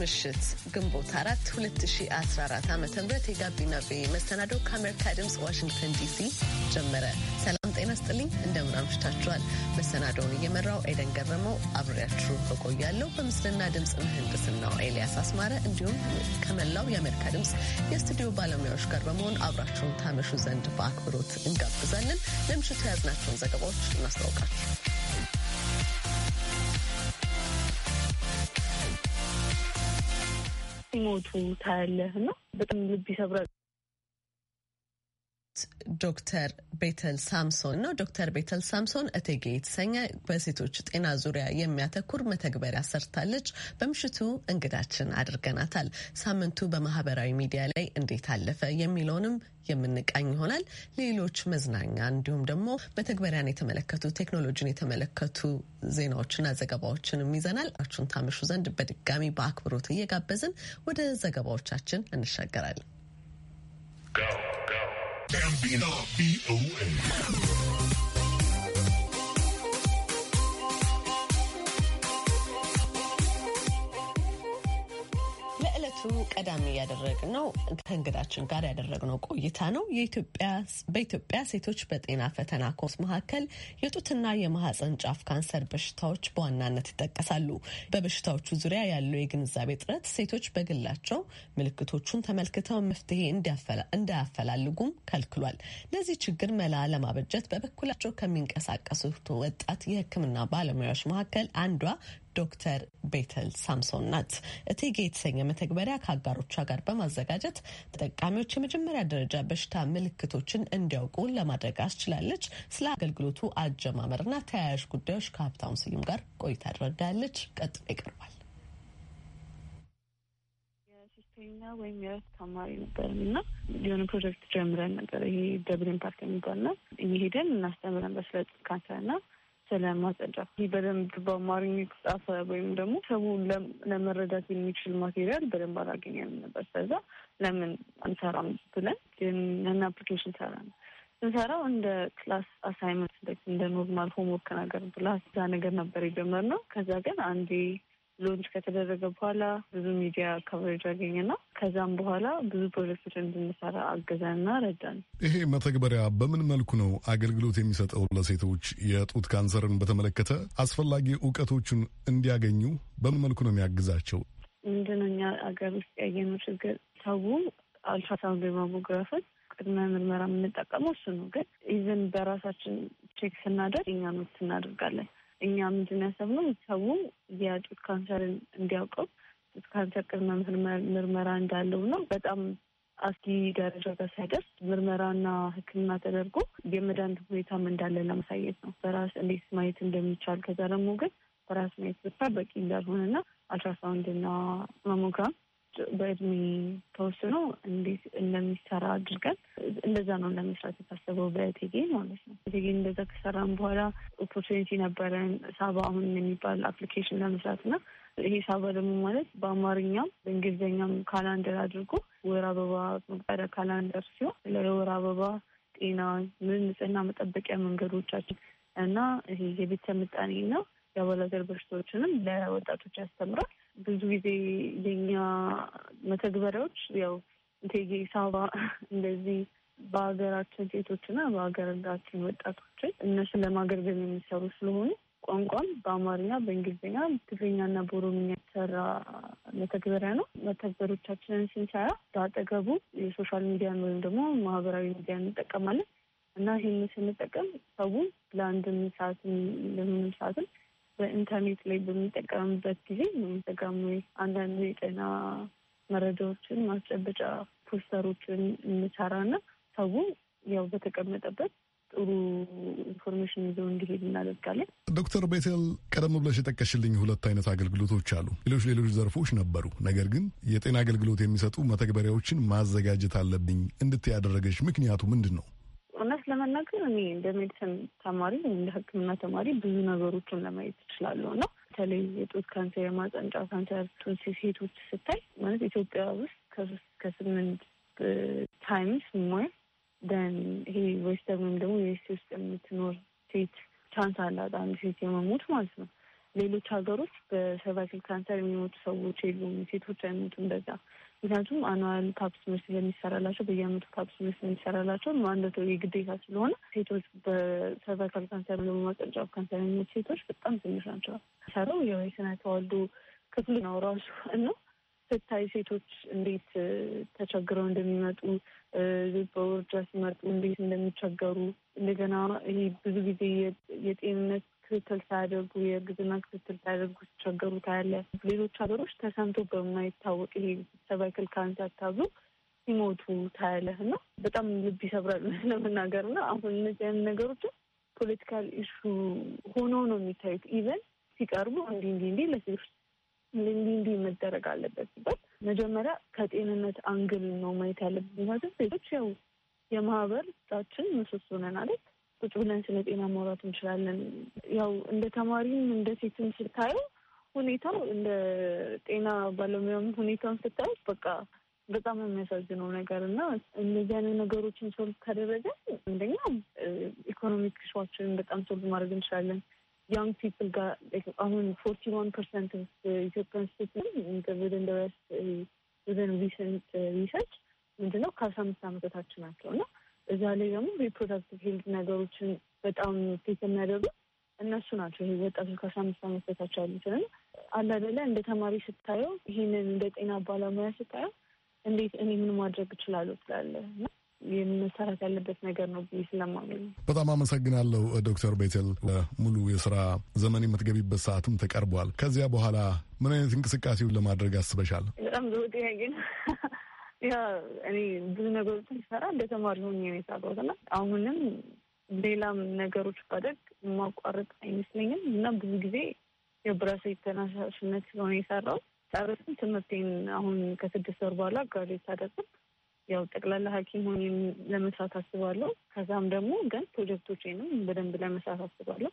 ምሽት ግንቦት 4 2014 ዓ ም የጋቢና ቤ መሰናዶ ከአሜሪካ ድምፅ ዋሽንግተን ዲሲ ጀመረ። ሰላም ጤና ስጥልኝ፣ እንደምን አምሽታችኋል። መሰናዶውን እየመራው ኤደን ገረመው አብሬያችሁ እቆያለሁ። በምስልና ድምፅ ምህንድስናው ኤልያስ አስማረ እንዲሁም ከመላው የአሜሪካ ድምፅ የስቱዲዮ ባለሙያዎች ጋር በመሆን አብራችሁን ታመሹ ዘንድ በአክብሮት እንጋብዛለን። ለምሽቱ የያዝናቸውን ዘገባዎች እናስታውቃችሁ። ሲሞቱ ታያለህ እና በጣም ልብ ይሰብራል። ዶክተር ቤተል ሳምሶን ነው። ዶክተር ቤተል ሳምሶን እቴጌ የተሰኘ በሴቶች ጤና ዙሪያ የሚያተኩር መተግበሪያ ሰርታለች። በምሽቱ እንግዳችን አድርገናታል። ሳምንቱ በማህበራዊ ሚዲያ ላይ እንዴት አለፈ የሚለውንም የምንቃኝ ይሆናል። ሌሎች መዝናኛ እንዲሁም ደግሞ መተግበሪያን የተመለከቱ ቴክኖሎጂን የተመለከቱ ዜናዎችና ዘገባዎችንም ይዘናል። አችሁን ታመሹ ዘንድ በድጋሚ በአክብሮት እየጋበዝን ወደ ዘገባዎቻችን እንሻገራለን። Gambino, B-O-A. ቀዳሚ ያደረግነው ከእንግዳችን ጋር ያደረግነው ቆይታ ነው። በኢትዮጵያ ሴቶች በጤና ፈተና ኮስ መካከል የጡትና የማህፀን ጫፍ ካንሰር በሽታዎች በዋናነት ይጠቀሳሉ። በበሽታዎቹ ዙሪያ ያለው የግንዛቤ ጥረት ሴቶች በግላቸው ምልክቶቹን ተመልክተው መፍትሄ እንዳያፈላልጉም ከልክሏል። ለዚህ ችግር መላ ለማበጀት በበኩላቸው ከሚንቀሳቀሱት ወጣት የሕክምና ባለሙያዎች መካከል አንዷ ዶክተር ቤተል ሳምሶን ናት። እቴጌ የተሰኘ መተግበሪያ ከአጋሮቿ ጋር በማዘጋጀት ተጠቃሚዎች የመጀመሪያ ደረጃ በሽታ ምልክቶችን እንዲያውቁ ለማድረግ አስችላለች። ስለ አገልግሎቱ አጀማመርና ተያያዥ ጉዳዮች ከሀብታሙ ስዩም ጋር ቆይታ አድርጋለች። ቀጥሎ ይቀርባል። ኛ ወይም የእረፍት ተማሪ ነበርን እና የሆነ ፕሮጀክት ጀምረን ነበር። ይሄ ደብል ኢምፓክት የሚባል ነው። እየሄደን እናስተምር ነበር ስለ ካንሰርና ስለማጸዳ ይህ በደንብ በአማርኛ የተጻፈ ወይም ደግሞ ሰው ለመረዳት የሚችል ማቴሪያል በደንብ አላገኘንም ነበር። ስለዛ ለምን አንሰራም ብለን ያን አፕሊኬሽን ሰራ ነው ስንሰራው እንደ ክላስ አሳይመንት እንደ ኖርማል ሆምወርክ ነገር ብላ እዛ ነገር ነበር የጀመርነው። ከዛ ግን አንዴ ሎንች ከተደረገ በኋላ ብዙ ሚዲያ ካቨሬጅ አገኘና ከዛም በኋላ ብዙ ፕሮጀክቶች እንድንሰራ አገዛና ረዳን። ይሄ መተግበሪያ በምን መልኩ ነው አገልግሎት የሚሰጠው? ለሴቶች የጡት ካንሰርን በተመለከተ አስፈላጊ እውቀቶቹን እንዲያገኙ በምን መልኩ ነው የሚያግዛቸው? ምንድነው እኛ አገር ውስጥ ያየነው ችግር ሰው አልትራሳውንድ ማሞግራፍን ቅድመ ምርመራ የምንጠቀመው እሱ ነው። ግን ኢቨን በራሳችን ቼክ ስናደርግ እኛ ኖት እናደርጋለን እኛ ምንድን ያሰብነው ሰው የጡት ካንሰርን እንዲያውቀው ጡት ካንሰር ቅድመ ምርመራ እንዳለው ነው። በጣም አስጊ ደረጃ ጋር ሳይደርስ ምርመራና ሕክምና ተደርጎ የመዳን ሁኔታም እንዳለ ለማሳየት ነው። በራስ እንዴት ማየት እንደሚቻል ከዛ ደግሞ ግን በራስ ማየት ብቻ በቂ እንዳልሆነና አልትራሳውንድና ማሞግራም በእድሜ ተወስኖ እንዴት እንደሚሰራ አድርገን እንደዛ ነው ለመስራት የታሰበው በቴጌ ማለት ነው። ቴጌ እንደዛ ከሰራን በኋላ ኦፖርቹኒቲ ነበረን ሳባ አሁን የሚባል አፕሊኬሽን ለመስራት እና ይሄ ሳባ ደግሞ ማለት በአማርኛም በእንግሊዝኛም ካላንደር አድርጎ ወር አበባ መቁጠሪያ ካላንደር ሲሆን ለወር አበባ ጤና፣ ምን ንጽህና መጠበቂያ መንገዶቻችን እና ይሄ የቤተሰብ ምጣኔ ነው የአባላዘር በሽታዎችንም ለወጣቶች ያስተምራል። ብዙ ጊዜ የኛ መተግበሪያዎች ያው እቴጌ ሳባ እንደዚህ በሀገራችን ሴቶችና በሀገራችን ወጣቶችን እነሱን ለማገልገል የሚሰሩ ስለሆኑ ቋንቋም በአማርኛ፣ በእንግሊዝኛ፣ ትግርኛና በኦሮምኛ የተሰራ መተግበሪያ ነው። መተግበሮቻችንን ስንሰራ በአጠገቡ የሶሻል ሚዲያን ወይም ደግሞ ማህበራዊ ሚዲያ እንጠቀማለን እና ይህን ስንጠቀም ሰው ለአንድም ሰዓትም ለምንም ሰዓትም በኢንተርኔት ላይ በሚጠቀምበት ጊዜ የሚጠቀሙ አንዳንድ የጤና መረጃዎችን ማስጨበጫ ፖስተሮችን እንሰራና ሰው ያው በተቀመጠበት ጥሩ ኢንፎርሜሽን ይዘው እንዲሄድ እናደርጋለን። ዶክተር ቤቴል ቀደም ብለሽ የጠቀሽልኝ ሁለት አይነት አገልግሎቶች አሉ። ሌሎች ሌሎች ዘርፎች ነበሩ። ነገር ግን የጤና አገልግሎት የሚሰጡ መተግበሪያዎችን ማዘጋጀት አለብኝ እንድት ያደረገች ምክንያቱ ምንድን ነው? ለመናገር እኔ እንደ ሜዲሲን ተማሪ ወይም እንደ ሕክምና ተማሪ ብዙ ነገሮችን ለማየት እችላለሁ እና በተለይ የጡት ካንሰር፣ የማጸንጫ ካንሰር ጡት ሴቶች ስታይ ማለት ኢትዮጵያ ውስጥ ከሶስት ከስምንት ታይምስ ሞር ደን ይሄ ዌስተርን ወይም ደግሞ የስ ውስጥ የምትኖር ሴት ቻንስ አላት አንድ ሴት የመሞት ማለት ነው። ሌሎች ሀገሮች በሰርቫይክል ካንሰር የሚሞቱ ሰዎች የሉም፣ ሴቶች አይሞቱም በዛ ምክንያቱም አኗዋል ፓፕ ስሜር ስለሚሰራላቸው በየአመቱ ፓፕ ስሜር ስለሚሰራላቸው አንድ የግዴታ ስለሆነ ሴቶች በሰርቫይካል ካንሰር ደግሞ ማጸጫው ካንሰር የሚሞት ሴቶች በጣም ትንሽ ናቸው። ሰራው የስነ ተዋልዶ ክፍል ነው ራሱ እና ስታይ ሴቶች እንዴት ተቸግረው እንደሚመጡ በውርጃ ሲመርጡ እንዴት እንደሚቸገሩ እንደገና ይሄ ብዙ ጊዜ የጤንነት ክትትል ሳያደርጉ የእርግዝና ክትትል ሳያደርጉ ሲቸገሩ ታያለ። ሌሎች ሀገሮች ተሰምቶ በማይታወቅ ይሄ ሰርቫይክል ካንሰር ተብሎ ሲሞቱ ታያለህ እና በጣም ልብ ይሰብራል ለመናገር እና አሁን እነዚህ አይነት ነገሮችን ፖለቲካል ኢሹ ሆኖ ነው የሚታዩት። ኢቨን ሲቀርቡ እንዲህ እንዲህ እንዲህ ለሴቶች እንዲህ እንዲህ መደረግ አለበት ሲባል መጀመሪያ ከጤንነት አንግል ነው ማየት ያለብን። ምክንያቱም ሴቶች ያው የማህበረሰባችን ምሰሶ ነን አለት ቁጭ ብለን ስለ ጤና ማውራት እንችላለን። ያው እንደ ተማሪም እንደ ሴትም ስታየው ሁኔታው እንደ ጤና ባለሙያም ሁኔታውን ስታየው በቃ በጣም የሚያሳዝነው ነገር እና እንደዚህ አይነት ነገሮችን ሶልቭ ካደረገ አንደኛ ኢኮኖሚክ ሸዋችንን በጣም ሶልቭ ማድረግ እንችላለን። ያንግ ፒፕል ጋር አሁን ፎርቲ ዋን ፐርሰንት ኢትዮጵያን ስቴት ወደ እንደበስ ወደ ሪሰንት ሪሰርች ምንድነው ከአስራ አምስት ዓመት በታች ናቸው እና እዛ ላይ ደግሞ ሪፕሮዳክቲቭ ሄልት ነገሮችን በጣም ፊት የሚያደርጉ እነሱ ናቸው። ይሄ ወጣቱ ከአስራ አምስት አመት በታች ያሉትን አለ አይደለ እንደ ተማሪ ስታየው፣ ይህንን እንደ ጤና ባለሙያ ስታየው እንዴት እኔ ምን ማድረግ እችላለሁ ትላለህ እና መሰራት ያለበት ነገር ነው ብዬ ስለማመኝ በጣም አመሰግናለሁ ዶክተር ቤቴል ሙሉ የስራ ዘመን የምትገቢበት ሰዓትም ተቀርቧል። ከዚያ በኋላ ምን አይነት እንቅስቃሴውን ለማድረግ አስበሻል? በጣም ዘውጤ ጥያቄ ያ እኔ ብዙ ነገሮችን ሲሰራ እንደ ተማሪ ሆኜ ነው የሰራሁት እና አሁንም ሌላም ነገሮች ባደግ የማቋረጥ አይመስለኝም እና ብዙ ጊዜ የብራሴ ተነሳሽነት ስለሆነ የሰራው ጨርስም ትምህርቴን አሁን ከስድስት ወር በኋላ ጋሌት ሳደርስም ያው ጠቅላላ ሐኪም ሆኜ ለመስራት አስባለሁ። ከዛም ደግሞ ግን ፕሮጀክቶችንም በደንብ ለመስራት አስባለሁ።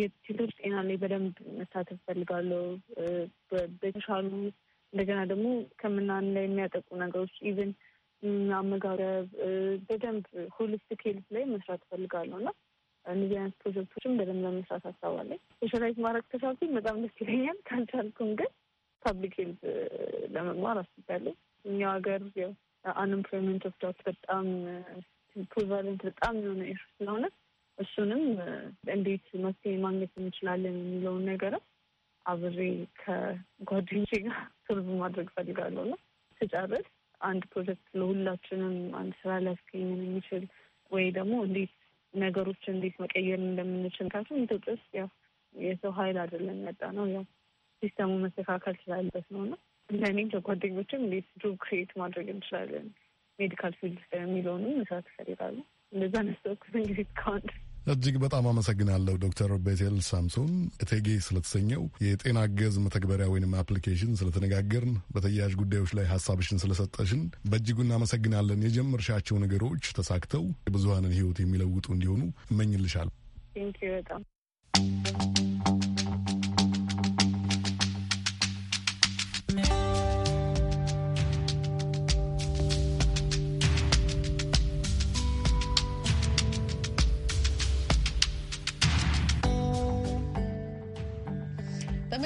የሴቶች ጤና ላይ በደንብ መሳተፍ ፈልጋለሁ። በተሻሉ እንደገና ደግሞ ከምናን ላይ የሚያጠቁ ነገሮች ኢቨን አመጋገብ በደንብ ሆሊስቲክ ሄልዝ ላይ መስራት እፈልጋለሁ እና እነዚህ አይነት ፕሮጀክቶችም በደንብ ለመስራት አሳባለኝ። ሶሻላይት ማድረግ ተሻልኩኝ በጣም ደስ ይለኛል። ካልቻልኩም ግን ፐብሊክ ሄልዝ ለመግባር አስቤያለሁ። እኛው ሀገር አንኤምፕሎይመንት ኦፍ ዳት በጣም ፕሪቫለንት በጣም የሆነ ኢሹ ስለሆነ እሱንም እንዴት መፍትሄ ማግኘት እንችላለን የሚለውን ነገርም አብሬ ከጓደኞቼ ጋር ሰርቭ ማድረግ ፈልጋለሁ እና ስጨርስ አንድ ፕሮጀክት ለሁላችንም አንድ ስራ ሊያስገኝን የሚችል ወይ ደግሞ እንዴት ነገሮች እንዴት መቀየር እንደምንችል ካቱም ኢትዮጵያ ውስጥ ያው የሰው ሀይል አይደለም ያጣ ነው ያው ሲስተሙ መስተካከል ስላለበት ነው ና እንደኔም ከጓደኞችም እንዴት ጆብ ክሬት ማድረግ እንችላለን ሜዲካል ፊልድ የሚለውንም መስራት ይፈልጋሉ። እንደዛ ነስተወኩት እንግዲህ ከአንድ እጅግ በጣም አመሰግናለሁ ዶክተር ቤቴል ሳምሶን እቴጌ ስለተሰኘው የጤና ገዝ መተግበሪያ ወይም አፕሊኬሽን ስለተነጋገርን፣ በተያያዥ ጉዳዮች ላይ ሀሳብሽን ስለሰጠሽን በእጅጉ እናመሰግናለን። የጀመርሻቸው ነገሮች ተሳክተው የብዙሀንን ህይወት የሚለውጡ እንዲሆኑ እመኝልሻል። ቴንኪው በጣም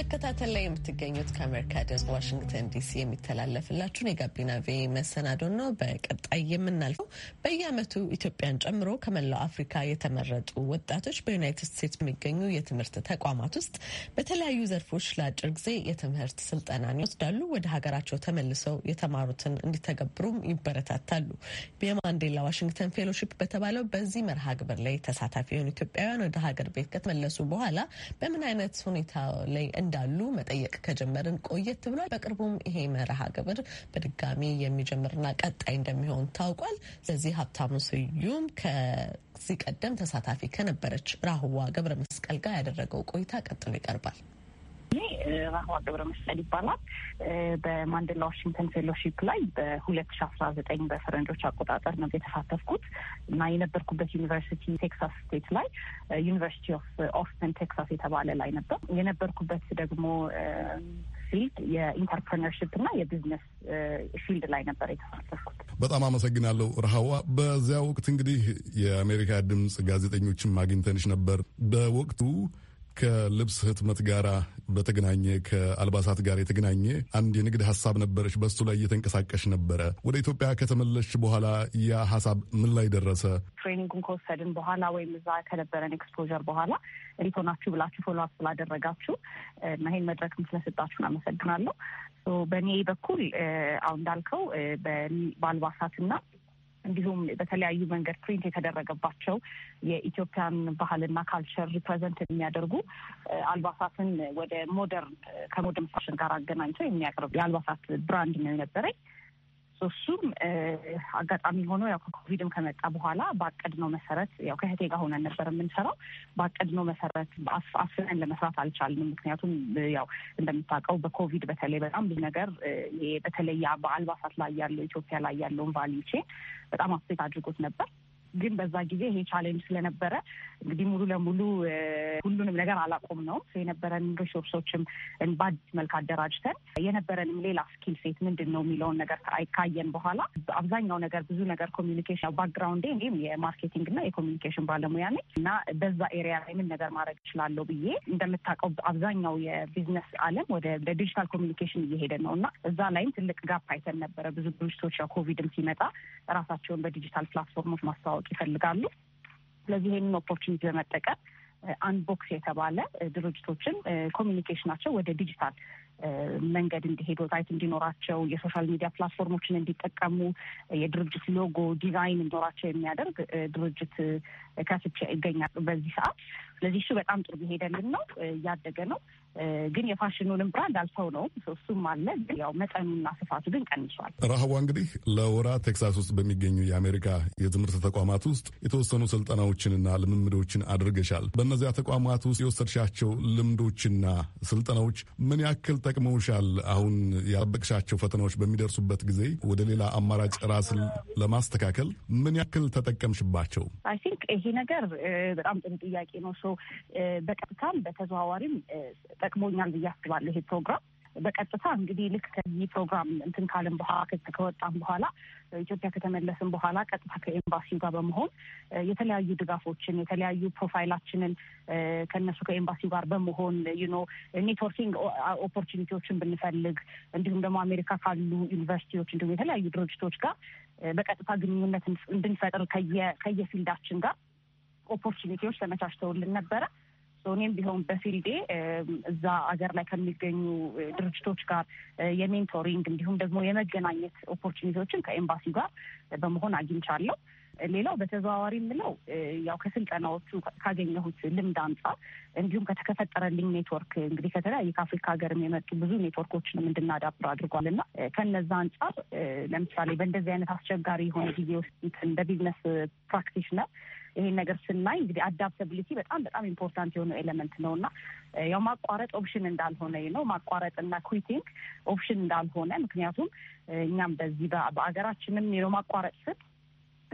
በመከታተል ላይ የምትገኙት ከአሜሪካ ድምጽ ዋሽንግተን ዲሲ የሚተላለፍላችሁን የጋቢና ቬ መሰናዶ ነው። በቀጣይ የምናልፈው በየዓመቱ ኢትዮጵያን ጨምሮ ከመላው አፍሪካ የተመረጡ ወጣቶች በዩናይትድ ስቴትስ የሚገኙ የትምህርት ተቋማት ውስጥ በተለያዩ ዘርፎች ለአጭር ጊዜ የትምህርት ስልጠና ይወስዳሉ። ወደ ሀገራቸው ተመልሰው የተማሩትን እንዲተገብሩም ይበረታታሉ። የማንዴላ ዋሽንግተን ፌሎሺፕ በተባለው በዚህ መርሃ ግብር ላይ ተሳታፊ የሆኑ ኢትዮጵያውያን ወደ ሀገር ቤት ከተመለሱ በኋላ በምን አይነት ሁኔታ ላይ እንዳ እንዳሉ መጠየቅ ከጀመርን ቆየት ብሏል። በቅርቡም ይሄ መርሃ ግብር በድጋሚ የሚጀምርና ቀጣይ እንደሚሆን ታውቋል። ለዚህ ሀብታሙ ስዩም ከዚህ ቀደም ተሳታፊ ከነበረች ራህዋ ገብረ መስቀል ጋር ያደረገው ቆይታ ቀጥሎ ይቀርባል። ስሜ ረህዋ ገብረ መስቀል ይባላል። በማንዴላ ዋሽንግተን ፌሎሺፕ ላይ በሁለት ሺ አስራ ዘጠኝ በፈረንጆች አቆጣጠር ነው የተሳተፍኩት እና የነበርኩበት ዩኒቨርሲቲ ቴክሳስ ስቴት ላይ ዩኒቨርሲቲ ኦፍ ኦስተን ቴክሳስ የተባለ ላይ ነበር። የነበርኩበት ደግሞ ፊልድ የኢንተርፕረነርሽፕ እና የቢዝነስ ፊልድ ላይ ነበር የተሳተፍኩት። በጣም አመሰግናለሁ ረሃዋ። በዚያ ወቅት እንግዲህ የአሜሪካ ድምፅ ጋዜጠኞችን ማግኝተንሽ ነበር። በወቅቱ ከልብስ ህትመት ጋር በተገናኘ ከአልባሳት ጋር የተገናኘ አንድ የንግድ ሀሳብ ነበረች። በሱ ላይ እየተንቀሳቀሽ ነበረ። ወደ ኢትዮጵያ ከተመለሽ በኋላ ያ ሀሳብ ምን ላይ ደረሰ? ትሬኒንጉን ከወሰድን በኋላ ወይም እዛ ከነበረን ኤክስፖዠር በኋላ እንዴት ሆናችሁ ብላችሁ ፎሎ አፕ ስላደረጋችሁ እና ይሄን መድረክም ስለሰጣችሁን አመሰግናለሁ። በእኔ በኩል አሁን እንዳልከው በአልባሳትና እንዲሁም በተለያዩ መንገድ ፕሪንት የተደረገባቸው የኢትዮጵያን ባህልና ካልቸር ሪፕሬዘንት የሚያደርጉ አልባሳትን ወደ ሞደርን ከሞደርን ፋሽን ጋር አገናኝተው የሚያቀርብ የአልባሳት ብራንድ ነው የነበረኝ። እሱም አጋጣሚ ሆኖ ያው ከኮቪድም ከመጣ በኋላ ባቀድነው መሰረት ያው ከህቴ ጋር ሆነን ነበር የምንሰራው። ባቀድነው መሰረት አፍነን ለመስራት አልቻልንም። ምክንያቱም ያው እንደምታውቀው በኮቪድ በተለይ በጣም ብዙ ነገር በተለይ በአልባሳት ላይ ያለው ኢትዮጵያ ላይ ያለውን ቫሊቼ በጣም አፌክት አድርጎት ነበር። ግን በዛ ጊዜ ይሄ ቻሌንጅ ስለነበረ እንግዲህ ሙሉ ለሙሉ ሁሉንም ነገር አላቆም ነው የነበረን ሪሶርሶችም በአዲስ መልክ አደራጅተን የነበረንም ሌላ ስኪል ሴት ምንድን ነው የሚለውን ነገር ካየን በኋላ አብዛኛው ነገር ብዙ ነገር ኮሚኒኬሽን ባክግራውንዴ እኔም የማርኬቲንግ እና የኮሚኒኬሽን ባለሙያ ነኝ እና በዛ ኤሪያ ላይ ምን ነገር ማድረግ እችላለሁ ብዬ እንደምታውቀው አብዛኛው የቢዝነስ አለም ወደ ዲጂታል ኮሚኒኬሽን እየሄደ ነው እና እዛ ላይም ትልቅ ጋፕ አይተን ነበረ። ብዙ ድርጅቶች ኮቪድም ሲመጣ ራሳቸውን በዲጂታል ፕላትፎርሞች ማስተዋወቅ ማወቅ ይፈልጋሉ። ስለዚህ ይህንን ኦፖርቹኒቲ በመጠቀም አንቦክስ የተባለ ድርጅቶችን ኮሚኒኬሽናቸው ወደ ዲጂታል መንገድ እንዲሄድ ወታይት እንዲኖራቸው የሶሻል ሚዲያ ፕላትፎርሞችን እንዲጠቀሙ የድርጅት ሎጎ ዲዛይን እንዲኖራቸው የሚያደርግ ድርጅት ከፍቼ ይገኛል በዚህ ሰዓት። ስለዚህ እሱ በጣም ጥሩ ሄደልን ነው፣ እያደገ ነው። ግን የፋሽኑንም ብራንድ አልፈው ነው እሱም አለ። ግን ያው መጠኑና ስፋቱ ግን ቀንሷል። ረሃቧ እንግዲህ ለወራ ቴክሳስ ውስጥ በሚገኙ የአሜሪካ የትምህርት ተቋማት ውስጥ የተወሰኑ ስልጠናዎችንና ልምምዶችን አድርገሻል። በእነዚያ ተቋማት ውስጥ የወሰድሻቸው ልምዶችና ስልጠናዎች ምን ያክል ጠቅመውሻል? አሁን ያጠበቅሻቸው ፈተናዎች በሚደርሱበት ጊዜ ወደ ሌላ አማራጭ ራስን ለማስተካከል ምን ያክል ተጠቀምሽባቸው? አይ ቲንክ ይሄ ነገር በጣም ጥሩ ጥያቄ ነው። በቀጥታም በተዘዋዋሪም ጠቅሞኛል ብዬ አስባለሁ። ይሄ ፕሮግራም በቀጥታ እንግዲህ ልክ ከዚህ ፕሮግራም እንትን ካልን በኋላ ከወጣም በኋላ ኢትዮጵያ ከተመለስን በኋላ ቀጥታ ከኤምባሲው ጋር በመሆን የተለያዩ ድጋፎችን የተለያዩ ፕሮፋይላችንን ከእነሱ ከኤምባሲው ጋር በመሆን ዩኖ ኔትወርኪንግ ኦፖርቹኒቲዎችን ብንፈልግ እንዲሁም ደግሞ አሜሪካ ካሉ ዩኒቨርሲቲዎች እንዲሁም የተለያዩ ድርጅቶች ጋር በቀጥታ ግንኙነት እንድንፈጥር ከየፊልዳችን ጋር ኦፖርቹኒቲዎች ተመቻችተውልን ነበረ። እኔም ቢሆን በፊልዴ እዛ አገር ላይ ከሚገኙ ድርጅቶች ጋር የሜንቶሪንግ እንዲሁም ደግሞ የመገናኘት ኦፖርቹኒቲዎችን ከኤምባሲ ጋር በመሆን አግኝቻለሁ። ሌላው በተዘዋዋሪ የምለው ያው ከስልጠናዎቹ ካገኘሁት ልምድ አንጻር እንዲሁም ከተከፈጠረልኝ ኔትወርክ እንግዲህ ከተለያየ ከአፍሪካ ሀገርም የመጡ ብዙ ኔትወርኮችንም እንድናዳብር አድርጓል እና ከነዛ አንጻር ለምሳሌ በእንደዚህ አይነት አስቸጋሪ የሆነ ጊዜ ውስጥ እንደ ቢዝነስ ፕራክቲሽነር ይሄን ነገር ስናይ እንግዲህ አዳፕታብሊቲ በጣም በጣም ኢምፖርታንት የሆነ ኤሌመንት ነው እና ያው ማቋረጥ ኦፕሽን እንዳልሆነ ነው ማቋረጥ እና ኩዊቲንግ ኦፕሽን እንዳልሆነ ምክንያቱም እኛም በዚህ በሀገራችንም ነው ማቋረጥ ስል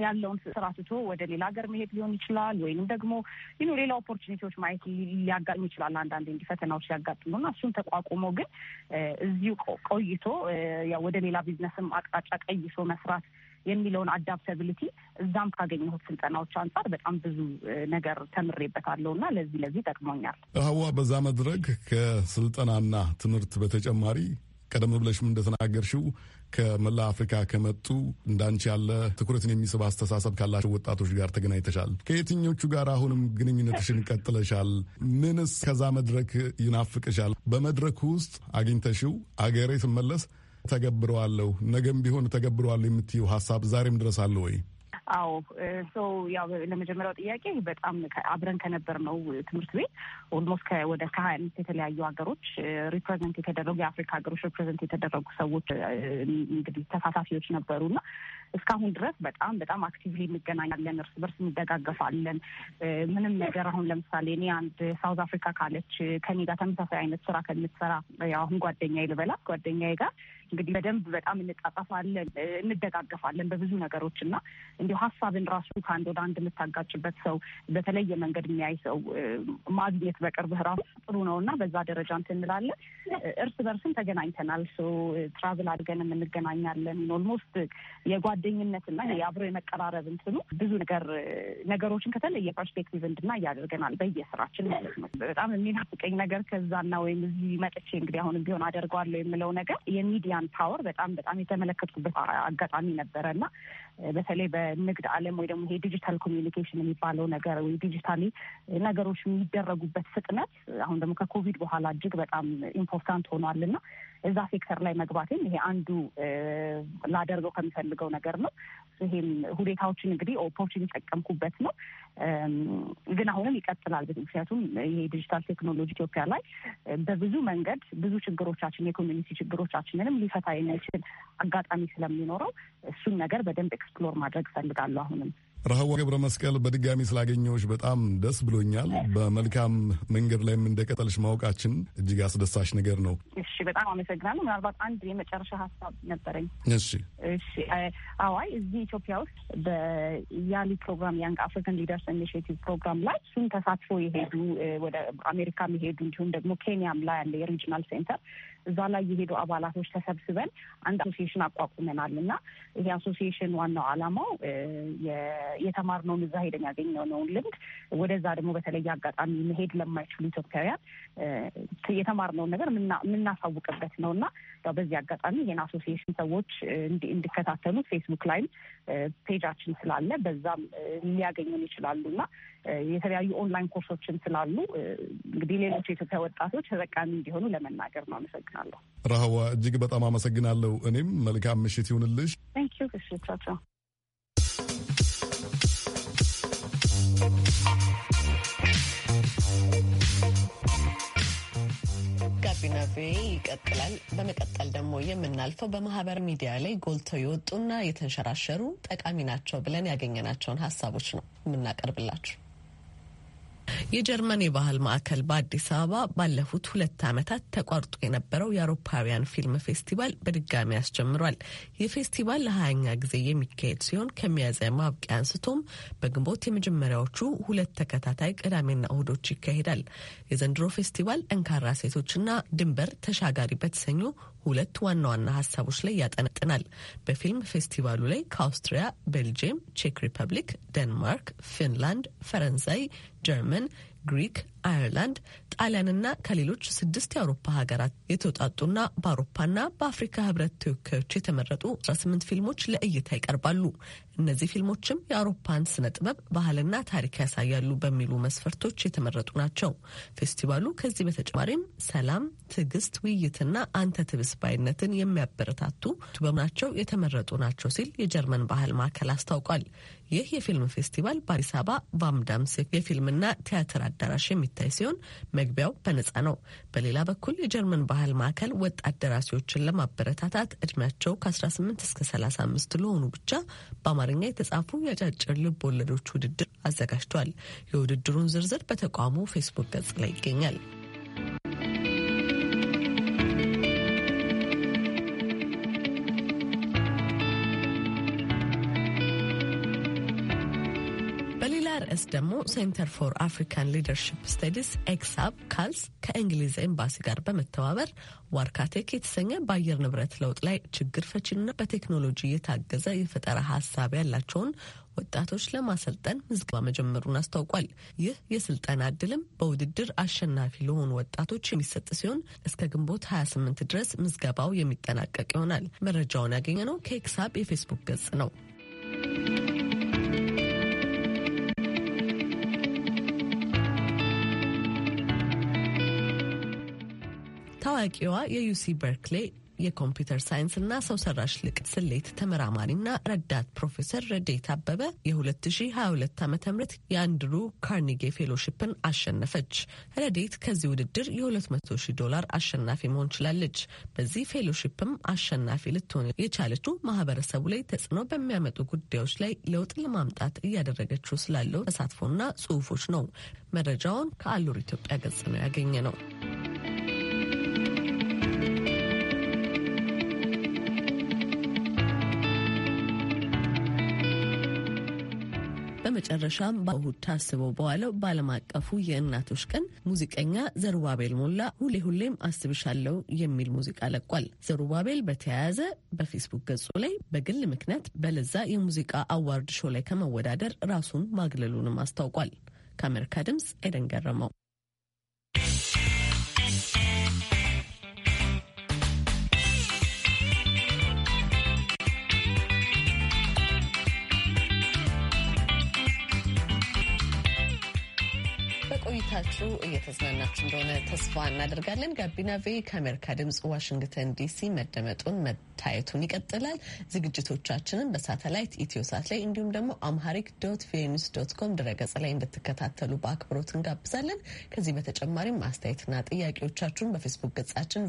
ያለውን ስራ ትቶ ወደ ሌላ ሀገር መሄድ ሊሆን ይችላል። ወይንም ደግሞ ይኖ ሌላ ኦፖርቹኒቲዎች ማየት ሊያጋጥሙ ይችላል። አንዳንድ እንዲህ ፈተናዎች ሊያጋጥሙ እና እሱን ተቋቁሞ ግን እዚሁ ቆይቶ ወደ ሌላ ቢዝነስም አቅጣጫ ቀይሶ መስራት የሚለውን አዳፕታብሊቲ እዛም ካገኘሁት ስልጠናዎች አንጻር በጣም ብዙ ነገር ተምሬበታለሁ እና ለዚህ ለዚህ ጠቅሞኛል። ሀዋ በዛ መድረክ ከስልጠናና ትምህርት በተጨማሪ ቀደም ብለሽም እንደተናገርሽው ከመላ አፍሪካ ከመጡ እንዳንቺ ያለ ትኩረትን የሚስብ አስተሳሰብ ካላቸው ወጣቶች ጋር ተገናኝተሻል። ከየትኞቹ ጋር አሁንም ግንኙነትሽን ቀጥለሻል? ምንስ ከዛ መድረክ ይናፍቅሻል? በመድረኩ ውስጥ አግኝተሽው አገሬ ስመለስ ተገብረዋለሁ፣ ነገም ቢሆን ተገብረዋለሁ የምትየው ሀሳብ ዛሬም ድረስ አለ ወይ? አዎ ሰው ያው ለመጀመሪያው ጥያቄ በጣም አብረን ከነበር ነው ትምህርት ቤት ኦልሞስት ወደ ከሀያ አምስት የተለያዩ ሀገሮች ሪፕሬዘንት የተደረጉ የአፍሪካ ሀገሮች ሪፕሬዘንት የተደረጉ ሰዎች እንግዲህ ተሳታፊዎች ነበሩ እና እስካሁን ድረስ በጣም በጣም አክቲቭሊ እንገናኛለን፣ እርስ በርስ እንደጋገፋለን። ምንም ነገር አሁን ለምሳሌ እኔ አንድ ሳውዝ አፍሪካ ካለች ከኔ ጋር ተመሳሳይ አይነት ስራ ከምትሰራ ያው አሁን ጓደኛዬ ልበላት ጓደኛዬ ጋር እንግዲህ በደንብ በጣም እንጣጣፋለን፣ እንደጋገፋለን በብዙ ነገሮች እና እንዲሁ ሀሳብን ራሱ ከአንድ ወደ አንድ የምታጋጭበት ሰው በተለየ መንገድ የሚያይ ሰው ማግኘት በቅርብ ራሱ ጥሩ ነው እና በዛ ደረጃ እንትን እንላለን። እርስ በርስም ተገናኝተናል። ትራቭል አድርገንም እንገናኛለን። ኦልሞስት የጓደኝነት እና የአብሮ የመቀራረብ እንትኑ ብዙ ነገር ነገሮችን ከተለየ ፐርስፔክቲቭ እንድና እያደርገናል በየስራችን ማለት ነው። በጣም የሚናፍቀኝ ነገር ከዛና ወይም እዚህ መጥቼ እንግዲህ አሁን ቢሆን አደርገዋለሁ የምለው ነገር የሚዲያ የኢትዮጵያን ፓወር በጣም በጣም የተመለከትኩበት አጋጣሚ ነበረ እና በተለይ በንግድ ዓለም ወይ ደግሞ ይሄ ዲጂታል የሚባለው ነገር ወይ ዲጂታሊ ነገሮች የሚደረጉበት ፍጥነት አሁን ደግሞ ከኮቪድ በኋላ እጅግ በጣም ኢምፖርታንት ሆኗል እና እዛ ሴክተር ላይ መግባቴም ይሄ አንዱ ላደርገው ከሚፈልገው ነገር ነው። ይሄም ሁኔታዎችን እንግዲህ ኦፖርቹኒቲ ጠቀምኩበት ነው። ግን አሁንም ይቀጥላል። ምክንያቱም ይሄ ዲጂታል ቴክኖሎጂ ኢትዮጵያ ላይ በብዙ መንገድ ብዙ ችግሮቻችን የኮሚኒቲ ችግሮቻችንንም ሊፈታ የሚችል አጋጣሚ ስለሚኖረው እሱን ነገር በደንብ ኤክስፕሎር ማድረግ እፈልጋለሁ አሁንም ረሃዋ ገብረ መስቀል በድጋሚ ስላገኘዎች በጣም ደስ ብሎኛል። በመልካም መንገድ ላይም እንደቀጠልሽ ማወቃችን እጅግ አስደሳች ነገር ነው። እሺ፣ በጣም አመሰግናለሁ። ምናልባት አንድ የመጨረሻ ሀሳብ ነበረኝ። እሺ፣ እሺ። አዋይ እዚህ ኢትዮጵያ ውስጥ በያሊ ፕሮግራም ያንግ አፍሪካን ሊደርስ ኢኒሽቲቭ ፕሮግራም ላይ እሱም ተሳትፎ የሄዱ ወደ አሜሪካም የሄዱ እንዲሁም ደግሞ ኬንያም ላይ ያለ የሪጅናል ሴንተር እዛ ላይ የሄዱ አባላቶች ተሰብስበን አንድ አሶሲሽን አቋቁመናል እና ይህ አሶሲሽን ዋናው አላማው የተማርነውን እዛ ሄደን ያገኘነውን ልምድ ወደዛ ደግሞ በተለየ አጋጣሚ መሄድ ለማይችሉ ኢትዮጵያውያን የተማርነውን ነገር የምናሳውቅበት ነው እና ያው በዚህ አጋጣሚ ይህን አሶሲሽን ሰዎች እንዲከታተሉት ፌስቡክ ላይም ፔጃችን ስላለ በዛም ሊያገኙን ይችላሉ እና የተለያዩ ኦንላይን ኮርሶችን ስላሉ እንግዲህ ሌሎች የኢትዮጵያ ወጣቶች ተጠቃሚ እንዲሆኑ ለመናገር ነው። አመሰግናለሁ። ራህዋ እጅግ በጣም አመሰግናለሁ። እኔም መልካም ምሽት ይሁንልሽ። ንኪዩ ክሽቻቸው ጋቢና ቪኦኤ ይቀጥላል። በመቀጠል ደግሞ የምናልፈው በማህበር ሚዲያ ላይ ጎልተው የወጡና የተንሸራሸሩ ጠቃሚ ናቸው ብለን ያገኘናቸውን ሀሳቦች ነው የምናቀርብላችሁ። የጀርመን የባህል ማዕከል በአዲስ አበባ ባለፉት ሁለት ዓመታት ተቋርጦ የነበረው የአውሮፓውያን ፊልም ፌስቲቫል በድጋሚ አስጀምሯል። የፌስቲቫል ለሀያኛ ጊዜ የሚካሄድ ሲሆን ከሚያዝያ ማብቂያ አንስቶም በግንቦት የመጀመሪያዎቹ ሁለት ተከታታይ ቅዳሜና እሁዶች ይካሄዳል። የዘንድሮ ፌስቲቫል ጠንካራ ሴቶችና ድንበር ተሻጋሪ በተሰኙ ሁለት ዋና ዋና ሀሳቦች ላይ ያጠነጥናል። በፊልም ፌስቲቫሉ ላይ ከአውስትሪያ፣ ቤልጅየም፣ ቼክ ሪፐብሊክ፣ ደንማርክ፣ ፊንላንድ፣ ፈረንሳይ፣ ጀርመን፣ ግሪክ፣ አየርላንድ፣ ጣሊያንና ከሌሎች ስድስት የአውሮፓ ሀገራት የተውጣጡና በአውሮፓና በአፍሪካ ህብረት ተወካዮች የተመረጡ 18 ፊልሞች ለእይታ ይቀርባሉ። እነዚህ ፊልሞችም የአውሮፓን ስነ ጥበብ፣ ባህልና ታሪክ ያሳያሉ በሚሉ መስፈርቶች የተመረጡ ናቸው። ፌስቲቫሉ ከዚህ በተጨማሪም ሰላም፣ ትዕግስት፣ ውይይትና አንተ ትብስባይነትን የሚያበረታቱ በመሆናቸው የተመረጡ ናቸው ሲል የጀርመን ባህል ማዕከል አስታውቋል። ይህ የፊልም ፌስቲቫል በአዲስ አበባ በአምዳምስ የፊልምና ቲያትር አዳራሽ የሚታይ ሲሆን መግቢያው በነጻ ነው። በሌላ በኩል የጀርመን ባህል ማዕከል ወጣት ደራሲዎችን ለማበረታታት እድሜያቸው ከ18 እስከ 35 ለሆኑ ብቻ በአማርኛ የተጻፉ የአጫጭር ልብ ወለዶች ውድድር አዘጋጅቷል። የውድድሩን ዝርዝር በተቋሙ ፌስቡክ ገጽ ላይ ይገኛል። ርዕስ ደግሞ ሴንተር ፎር አፍሪካን ሊደርሽፕ ስተዲስ ኤክሳብ ካልስ ከእንግሊዝ ኤምባሲ ጋር በመተባበር ዋርካቴክ የተሰኘ በአየር ንብረት ለውጥ ላይ ችግር ፈቺና በቴክኖሎጂ የታገዘ የፈጠራ ሀሳብ ያላቸውን ወጣቶች ለማሰልጠን ምዝገባ መጀመሩን አስታውቋል። ይህ የስልጠና እድልም በውድድር አሸናፊ ለሆኑ ወጣቶች የሚሰጥ ሲሆን እስከ ግንቦት 28 ድረስ ምዝገባው የሚጠናቀቅ ይሆናል። መረጃውን ያገኘ ነው ከኤክሳብ የፌስቡክ ገጽ ነው። ታዋቂዋ የዩሲ በርክሌ የኮምፒውተር ሳይንስ እና ሰው ሰራሽ ልቅ ስሌት ተመራማሪና ረዳት ፕሮፌሰር ረዴት አበበ የ2022 ዓ ም የአንድሩ ካርኒጌ ፌሎሽፕን አሸነፈች። ረዴት ከዚህ ውድድር የ200 ዶላር አሸናፊ መሆን ችላለች። በዚህ ፌሎሽፕም አሸናፊ ልትሆን የቻለችው ማህበረሰቡ ላይ ተጽዕኖ በሚያመጡ ጉዳዮች ላይ ለውጥ ለማምጣት እያደረገችው ስላለው ተሳትፎና ጽሁፎች ነው። መረጃውን ከአሉር ኢትዮጵያ ገጽ ነው ያገኘ ነው። በመጨረሻም በእሁድ ታስበው በዋለው በዓለም አቀፉ የእናቶች ቀን ሙዚቀኛ ዘሩባቤል ሞላ ሁሌ ሁሌም አስብሻለሁ የሚል ሙዚቃ ለቋል። ዘሩባቤል በተያያዘ በፌስቡክ ገጹ ላይ በግል ምክንያት በለዛ የሙዚቃ አዋርድ ሾ ላይ ከመወዳደር ራሱን ማግለሉንም አስታውቋል። ከአሜሪካ ድምጽ ኤደን ገረመው እየተዝናናችሁ እየተዝናናችሁ እንደሆነ ተስፋ እናደርጋለን። ጋቢና ቬ ከአሜሪካ ድምጽ ዋሽንግተን ዲሲ መደመጡን መታየቱን ይቀጥላል። ዝግጅቶቻችንን በሳተላይት ኢትዮ ሳት ላይ እንዲሁም ደግሞ አምሃሪክ ዶት ቪኦኤ ዶት ኮም ድረገጽ ላይ እንድትከታተሉ በአክብሮት እንጋብዛለን። ከዚህ በተጨማሪም አስተያየትና ጥያቄዎቻችሁን በፌስቡክ ገጻችን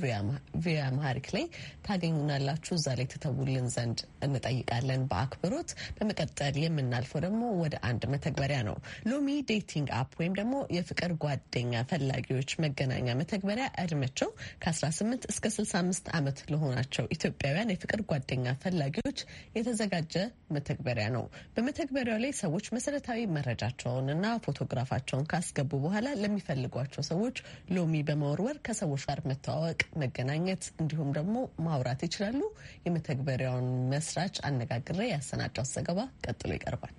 ቪኦኤ አምሃሪክ ላይ ታገኙናላችሁ። እዛ ላይ ትተውልን ዘንድ እንጠይቃለን በአክብሮት። በመቀጠል የምናልፈው ደግሞ ወደ አንድ መተግበሪያ ነው ሎሚ ዴቲንግ አፕ ወይም ደግሞ የፍቅር ጓደኛ ፈላጊዎች መገናኛ መተግበሪያ እድሜያቸው ከ18 እስከ 65 ዓመት ለሆናቸው ኢትዮጵያውያን የፍቅር ጓደኛ ፈላጊዎች የተዘጋጀ መተግበሪያ ነው። በመተግበሪያው ላይ ሰዎች መሰረታዊ መረጃቸውንና ፎቶግራፋቸውን ካስገቡ በኋላ ለሚፈልጓቸው ሰዎች ሎሚ በመወርወር ከሰዎች ጋር መተዋወቅ፣ መገናኘት እንዲሁም ደግሞ ማውራት ይችላሉ። የመተግበሪያውን መስራች አነጋግሬ ያሰናዳው ዘገባ ቀጥሎ ይቀርባል።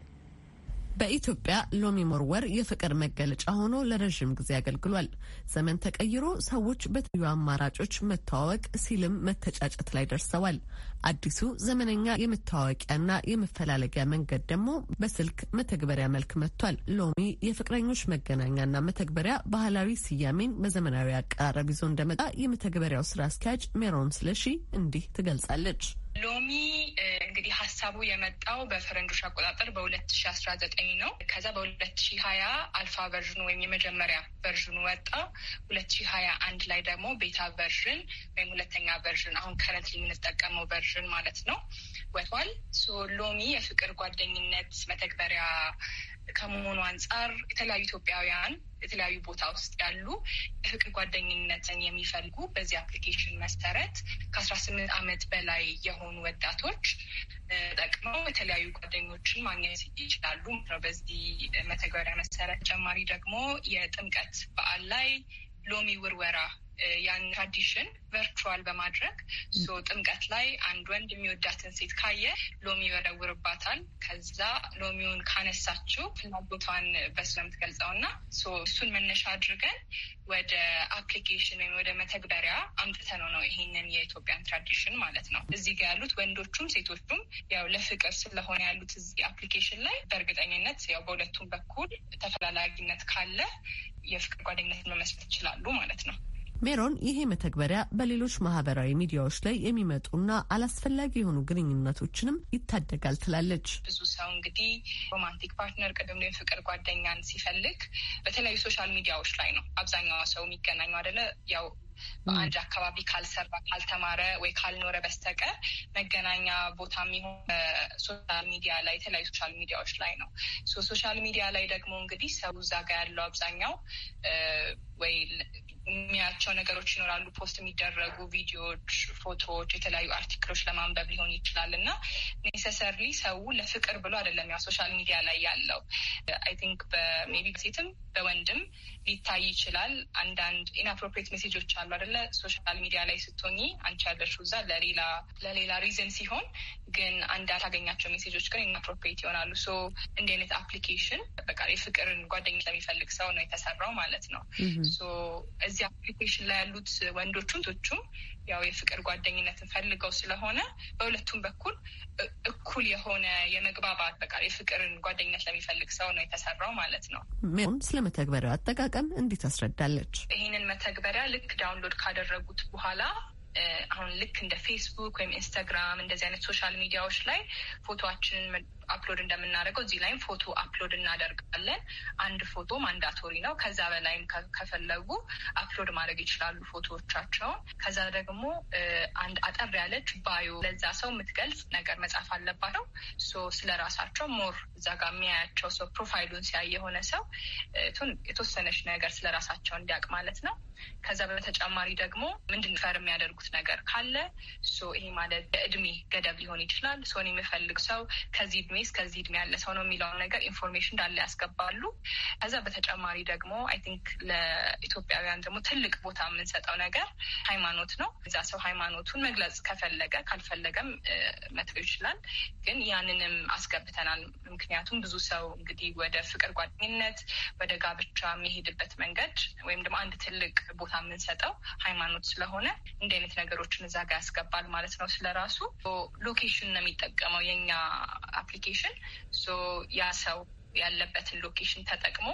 በኢትዮጵያ ሎሚ መወርወር የፍቅር መገለጫ ሆኖ ለረዥም ጊዜ አገልግሏል። ዘመን ተቀይሮ ሰዎች በተለያዩ አማራጮች መተዋወቅ ሲልም መተጫጨት ላይ ደርሰዋል። አዲሱ ዘመነኛ የመተዋወቂያና የመፈላለጊያ መንገድ ደግሞ በስልክ መተግበሪያ መልክ መጥቷል። ሎሚ የፍቅረኞች መገናኛና መተግበሪያ ባህላዊ ስያሜን በዘመናዊ አቀራረብ ይዞ እንደመጣ የመተግበሪያው ስራ አስኪያጅ ሜሮን ስለሺ እንዲህ ትገልጻለች። ሎሚ እንግዲህ ሀሳቡ የመጣው በፈረንጆች አቆጣጠር በሁለት ሺ አስራ ዘጠኝ ነው። ከዛ በሁለት ሺ ሀያ አልፋ ቨርዥኑ ወይም የመጀመሪያ ቨርዥኑ ወጣ። ሁለት ሺ ሀያ አንድ ላይ ደግሞ ቤታ ቨርዥን ወይም ሁለተኛ ቨርዥን አሁን ከረንት የምንጠቀመው ቨርዥን ማለት ነው ወጥቷል። ሶ ሎሚ የፍቅር ጓደኝነት መተግበሪያ ከመሆኑ አንጻር የተለያዩ ኢትዮጵያውያን የተለያዩ ቦታ ውስጥ ያሉ ፍቅር ጓደኝነትን የሚፈልጉ በዚህ አፕሊኬሽን መሰረት ከአስራ ስምንት ዓመት በላይ የሆኑ ወጣቶች ጠቅመው የተለያዩ ጓደኞችን ማግኘት ይችላሉ። በዚህ መተግበሪያ መሰረት ተጨማሪ ደግሞ የጥምቀት በዓል ላይ ሎሚ ውርወራ ያን ትራዲሽን ቨርቹዋል በማድረግ ሶ ጥምቀት ላይ አንድ ወንድ የሚወዳትን ሴት ካየ ሎሚ ይወረውርባታል። ከዛ ሎሚውን ካነሳችው ፍላጎቷን በሱ እና እሱን መነሻ አድርገን ወደ አፕሊኬሽን ወይም ወደ መተግበሪያ አምጥተነው ነው ይሄንን የኢትዮጵያን ትራዲሽን ማለት ነው። እዚህ ጋር ያሉት ወንዶቹም ሴቶቹም ያው ለፍቅር ስለሆነ ያሉት እዚህ አፕሊኬሽን ላይ በእርግጠኝነት ያው በሁለቱም በኩል ተፈላላጊነት ካለ የፍቅር ጓደኝነት መመስረት ይችላሉ ማለት ነው። ሜሮን ይሄ መተግበሪያ በሌሎች ማህበራዊ ሚዲያዎች ላይ የሚመጡና አላስፈላጊ የሆኑ ግንኙነቶችንም ይታደጋል ትላለች። ብዙ ሰው እንግዲህ ሮማንቲክ ፓርትነር ቅድም ላይ ጓደኛን ሲፈልግ በተለያዩ ሶሻል ሚዲያዎች ላይ ነው አብዛኛው ሰው የሚገናኘው አደለ ያው በአንድ አካባቢ ካልሰራ ካልተማረ ወይ ካልኖረ በስተቀር መገናኛ ቦታ የሚሆን በሶሻል ሚዲያ ላይ የተለያዩ ሶሻል ሚዲያዎች ላይ ነው። ሶሻል ሚዲያ ላይ ደግሞ እንግዲህ ሰው እዛ ጋ ያለው አብዛኛው ወይ የሚያቸው ነገሮች ይኖራሉ። ፖስት የሚደረጉ ቪዲዮዎች፣ ፎቶዎች፣ የተለያዩ አርቲክሎች ለማንበብ ሊሆን ይችላል እና ኔሰሰርሊ ሰው ለፍቅር ብሎ አይደለም ያው ሶሻል ሚዲያ ላይ ያለው አይ ቲንክ በሜቢ በሴትም በወንድም ሊታይ ይችላል። አንዳንድ ኢንአፕሮፕሬት ሜሴጆች አሉ አደለ? ሶሻል ሚዲያ ላይ ስትሆኚ አንቺ ያለሽው እዛ ለሌላ ለሌላ ሪዝን ሲሆን ግን አንዳንድ ታገኛቸው ሜሴጆች ግን ኢንአፕሮፕሬት ይሆናሉ። ሶ እንዲህ አይነት አፕሊኬሽን በቃ የፍቅርን ጓደኛ ለሚፈልግ ሰው ነው የተሰራው ማለት ነው። እዚህ አፕሊኬሽን ላይ ያሉት ወንዶቹም ቶቹም ያው የፍቅር ጓደኝነትን ፈልገው ስለሆነ በሁለቱም በኩል እኩል የሆነ የመግባባት በቃ የፍቅርን ጓደኝነት ለሚፈልግ ሰው ነው የተሰራው ማለት ነው። ሚሆን ስለ መተግበሪያው አጠቃቀም እንዲህ ታስረዳለች። ይህንን መተግበሪያ ልክ ዳውንሎድ ካደረጉት በኋላ አሁን ልክ እንደ ፌስቡክ ወይም ኢንስታግራም እንደዚህ አይነት ሶሻል ሚዲያዎች ላይ ፎቶችንን አፕሎድ እንደምናደርገው እዚህ ላይም ፎቶ አፕሎድ እናደርጋለን። አንድ ፎቶ ማንዳቶሪ ነው። ከዛ በላይም ከፈለጉ አፕሎድ ማድረግ ይችላሉ ፎቶዎቻቸውን። ከዛ ደግሞ አንድ አጠር ያለች ባዮ ለዛ ሰው የምትገልጽ ነገር መጻፍ አለባቸው። ሶ ስለ ራሳቸው ሞር እዛ ጋር የሚያያቸው ሰው ፕሮፋይሉን ሲያይ የሆነ ሰው የተወሰነች ነገር ስለ ራሳቸው እንዲያውቅ ማለት ነው። ከዛ በተጨማሪ ደግሞ ምንድን ፈር የሚያደርጉት ነገር ካለ ሶ ይሄ ማለት በእድሜ ገደብ ሊሆን ይችላል። ሶን የሚፈልግ ሰው ከዚህ እድሜ እስከዚህ እድሜ ያለ ሰው ነው የሚለውን ነገር ኢንፎርሜሽን እንዳለ ያስገባሉ። ከዛ በተጨማሪ ደግሞ አይ ቲንክ ለኢትዮጵያውያን ደግሞ ትልቅ ቦታ የምንሰጠው ነገር ሃይማኖት ነው። እዛ ሰው ሃይማኖቱን መግለጽ ከፈለገ ካልፈለገም መተው ይችላል። ግን ያንንም አስገብተናል። ምክንያቱም ብዙ ሰው እንግዲህ ወደ ፍቅር ጓደኝነት፣ ወደ ጋብቻ የሚሄድበት መንገድ ወይም ደግሞ አንድ ትልቅ ቦታ የምንሰጠው ሃይማኖት ስለሆነ እንዲህ አይነት ነገሮችን እዛ ጋር ያስገባል ማለት ነው። ስለራሱ ሎኬሽን ነው የሚጠቀመው የኛ አፕሊ አፕሊኬሽን ያ ሰው ያለበትን ሎኬሽን ተጠቅሞ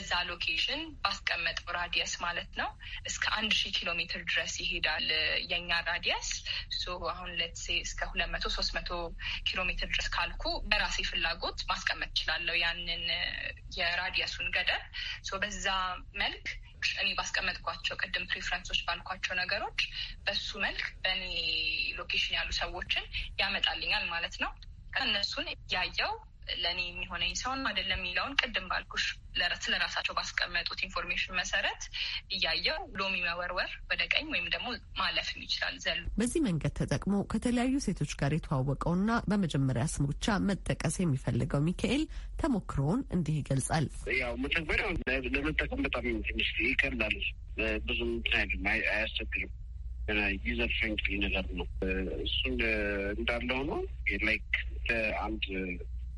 እዛ ሎኬሽን ባስቀመጠው ራዲየስ ማለት ነው እስከ አንድ ሺህ ኪሎ ሜትር ድረስ ይሄዳል። የኛ ራዲየስ አሁን ለትሴ እስከ ሁለት መቶ ሶስት መቶ ኪሎ ሜትር ድረስ ካልኩ በራሴ ፍላጎት ማስቀመጥ እችላለሁ ያንን የራዲየሱን ገደብ በዛ መልክ እኔ ባስቀመጥኳቸው ቅድም ፕሪፍረንሶች ባልኳቸው ነገሮች በሱ መልክ በእኔ ሎኬሽን ያሉ ሰዎችን ያመጣልኛል ማለት ነው። እነሱን ያየው ለእኔ የሚሆነኝ ሰውን አይደለም የሚለውን ቅድም ባልኩሽ ስለ ራሳቸው ባስቀመጡት ኢንፎርሜሽን መሰረት እያየው ሎሚ መወርወር ወደ ቀኝ ወይም ደግሞ ማለፍም ይችላል ዘሉ። በዚህ መንገድ ተጠቅሞ ከተለያዩ ሴቶች ጋር የተዋወቀውና በመጀመሪያ ስሙ ብቻ መጠቀስ የሚፈልገው ሚካኤል ተሞክሮውን እንዲህ ይገልጻል። ያው መተግበሪያው ለመጠቀም በጣም ትንሽ ይቀላል፣ ብዙ አያስቸግርም ዩዘር ፍሬንድሊ ነገር ነው። እሱን እንዳለው ነው ላይክ ለአንድ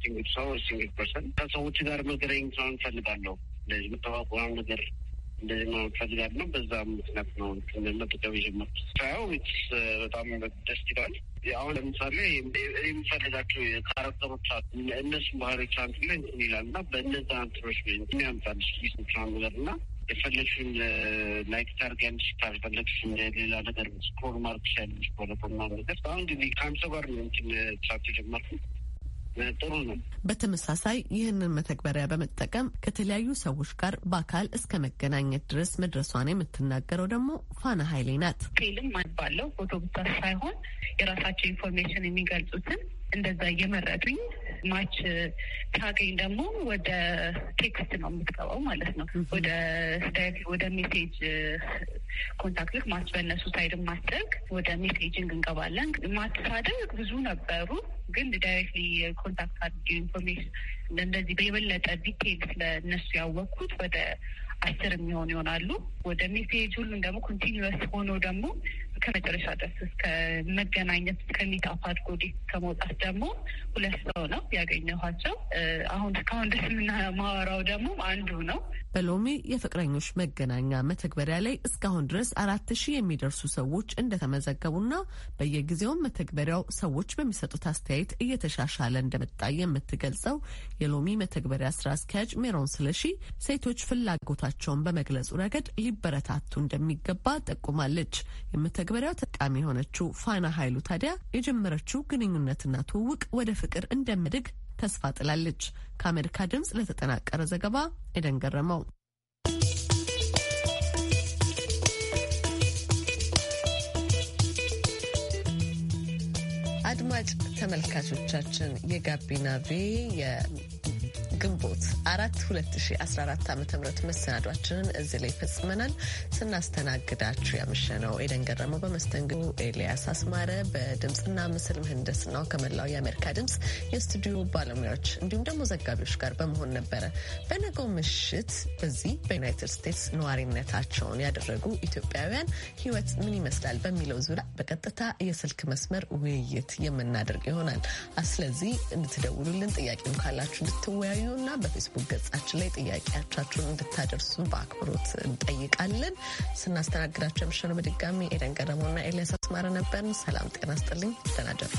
ሲንግል ሰው ሲንግል ፐርሰን ከሰዎች ጋር መገናኘት ነው እንፈልጋለሁ። እንደዚህ መጠባበቅ ነገር እንደዚህ ነው እንፈልጋለሁ። በዛ ምክንያት ነው መጠቀም የጀመርኩት። ሳየው በጣም ደስ ይላል። አሁን ለምሳሌ የምፈልጋቸው ካራክተሮች አሉ። እነሱም ባህሪዎች አንት ላይ ይላል እና በእነዛ አንትሮች የሚያምጣል ስ ነገር እና የፈለግሽውን ላይክ ታርጊያለሽ፣ ካልፈለግሽ ሌላ ነገር ስኮር ማድረግ ትችያለሽ። በለቆና ነገር አሁን ጊዜ ከአምሰ ጋር ነው እንትን ሳት ጀመርኩ። ጥሩ ነው። በተመሳሳይ ይህንን መተግበሪያ በመጠቀም ከተለያዩ ሰዎች ጋር በአካል እስከ መገናኘት ድረስ መድረሷን የምትናገረው ደግሞ ፋና ሀይሌ ናት። ፊልም ባለው ፎቶ ብቻ ሳይሆን የራሳቸው ኢንፎርሜሽን የሚገልጹትን እንደዛ እየመረጡኝ ማች ታገኝ ደግሞ ወደ ቴክስት ነው የምትገባው ማለት ነው። ወደ ዳይሬክት ወደ ሜሴጅ ኮንታክት ማች በእነሱ ሳይድ ማድረግ ወደ ሜሴጅንግ እንገባለን። ሳደግ ብዙ ነበሩ፣ ግን ዳይሬክትሊ ኮንታክት አድርጌ ኢንፎርሜሽን እንደዚህ በበለጠ ዲቴል ስለእነሱ ያወቅኩት ወደ አስር የሚሆን ይሆናሉ። ወደ ሜሴጅ ሁሉም ደግሞ ኮንቲኒስ ሆኖ ደግሞ እስከ መጨረሻ ድረስ እስከ መገናኘት ከሚታፕ ጎዲ ከመውጣት ደግሞ ሁለት ሰው ነው ያገኘኋቸው። አሁን እስካሁን ደስ የምናማወራው ደግሞ አንዱ ነው። በሎሚ የፍቅረኞች መገናኛ መተግበሪያ ላይ እስካሁን ድረስ አራት ሺህ የሚደርሱ ሰዎች እንደተመዘገቡና በየጊዜውም መተግበሪያው ሰዎች በሚሰጡት አስተያየት እየተሻሻለ እንደመጣ የምትገልጸው የሎሚ መተግበሪያ ስራ አስኪያጅ ሜሮን ስለሺ ሴቶች ፍላጎታቸውን በመግለጹ ረገድ ሊበረታቱ እንደሚገባ ጠቁማለች። የመተግበሪያው ተጠቃሚ የሆነችው ፋና ኃይሉ ታዲያ የጀመረችው ግንኙነትና ትውውቅ ወደ ፍቅር እንደሚያድግ ተስፋ ጥላለች። ከአሜሪካ ድምፅ ለተጠናቀረ ዘገባ ኤደን ገረመው። አድማጭ ተመልካቾቻችን የጋቢና ቪ ግንቦት አራት 2014 ዓ ም መሰናዷችንን እዚህ ላይ ፈጽመናል። ስናስተናግዳችሁ ያመሸነው ኤደን ገረመው በመስተንግዶ ኤልያስ አስማረ በድምፅና ምስል ምህንድስናው ከመላው የአሜሪካ ድምፅ የስቱዲዮ ባለሙያዎች እንዲሁም ደግሞ ዘጋቢዎች ጋር በመሆን ነበረ። በነገው ምሽት በዚህ በዩናይትድ ስቴትስ ነዋሪነታቸውን ያደረጉ ኢትዮጵያውያን ህይወት ምን ይመስላል በሚለው ዙሪያ በቀጥታ የስልክ መስመር ውይይት የምናደርግ ይሆናል። ስለዚህ እንድትደውሉልን ጥያቄም ካላችሁ እንድትወያዩ እና በፌስቡክ ገጻችን ላይ ጥያቄያቻችሁን እንድታደርሱ በአክብሮት እንጠይቃለን። ስናስተናግዳቸው ምሽኑ በድጋሚ ኤደን ገረሞና ኤልያስ አስማረ ነበርን። ሰላም ጤና ስጥልኝ። ደናደሩ